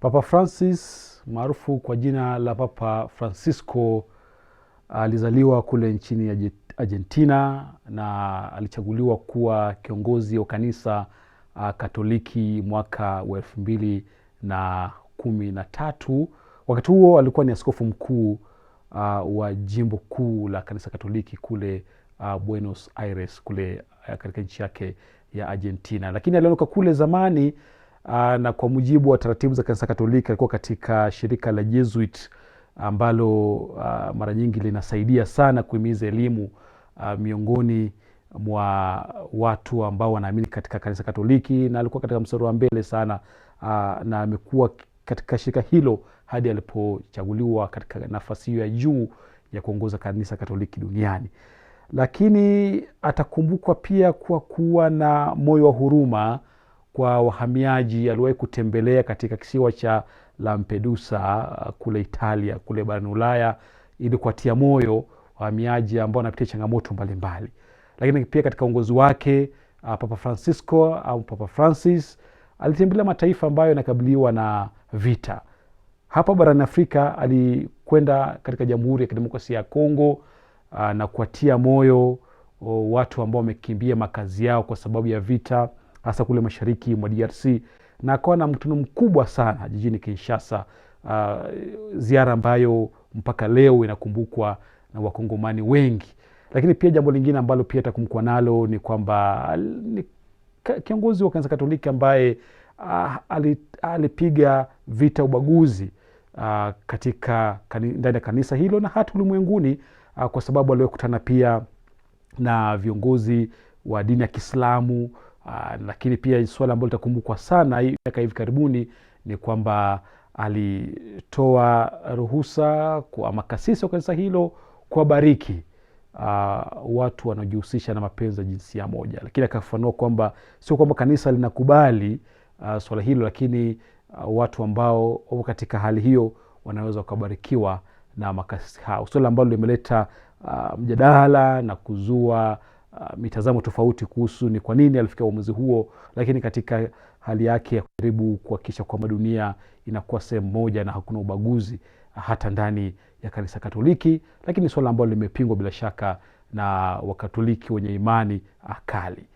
Papa Francis maarufu kwa jina la Papa Francisco alizaliwa kule nchini Argentina na alichaguliwa kuwa kiongozi wa kanisa Katoliki mwaka wa elfu mbili na kumi na tatu. Wakati huo alikuwa ni askofu mkuu uh, wa jimbo kuu la kanisa Katoliki kule uh, Buenos Aires kule uh, katika nchi yake ya Argentina, lakini aliondoka kule zamani Ah, na kwa mujibu wa taratibu za kanisa Katoliki alikuwa katika shirika la Jesuit ambalo ah, mara nyingi linasaidia sana kuhimiza elimu ah, miongoni mwa watu ambao wanaamini katika kanisa Katoliki, na alikuwa katika msoro wa mbele sana na amekuwa katika shirika hilo hadi alipochaguliwa katika nafasi hiyo ya juu ya kuongoza kanisa Katoliki duniani. Lakini atakumbukwa pia kwa kuwa na moyo wa huruma kwa wahamiaji aliwahi kutembelea katika kisiwa cha Lampedusa uh, kule Italia, kule barani Ulaya, ili kuwatia moyo wahamiaji ambao wanapitia changamoto mbalimbali. Lakini pia katika uongozi wake uh, Papa Francisco au Papa Francis alitembelea mataifa ambayo yanakabiliwa na vita. Hapa barani Afrika alikwenda katika Jamhuri ya Kidemokrasia ya Kongo uh, na kuwatia moyo watu ambao wamekimbia makazi yao kwa sababu ya vita hasa kule mashariki mwa DRC na akawa na mkutano mkubwa sana jijini Kinshasa. Uh, ziara ambayo mpaka leo inakumbukwa na wakongomani wengi. Lakini pia jambo lingine ambalo pia itakumbukwa nalo ni kwamba ni kiongozi wa kanisa Katoliki ambaye uh, alipiga vita ubaguzi uh, katika ndani ya kanisa hilo na hata ulimwenguni uh, kwa sababu aliwekutana pia na viongozi wa dini ya Kiislamu Aa, ah, lakini pia swala ambalo litakumbukwa sana miaka hivi karibuni ni kwamba alitoa ruhusa kwa makasisi wa kanisa hilo kuwabariki ah, watu wanaojihusisha na mapenzi ya jinsia moja, lakini akafafanua kwamba sio kwamba kanisa linakubali ah, swala hilo, lakini aa, watu ambao wako katika hali hiyo wanaweza wakabarikiwa na makasisi hao, swala ambalo limeleta mjadala na kuzua uh, mitazamo tofauti kuhusu ni kwa nini alifikia uamuzi huo, lakini katika hali yake ya kujaribu kuhakikisha kwamba dunia inakuwa sehemu moja na hakuna ubaguzi uh, hata ndani ya kanisa Katoliki, lakini ni suala ambalo limepingwa bila shaka na Wakatoliki wenye imani uh, kali.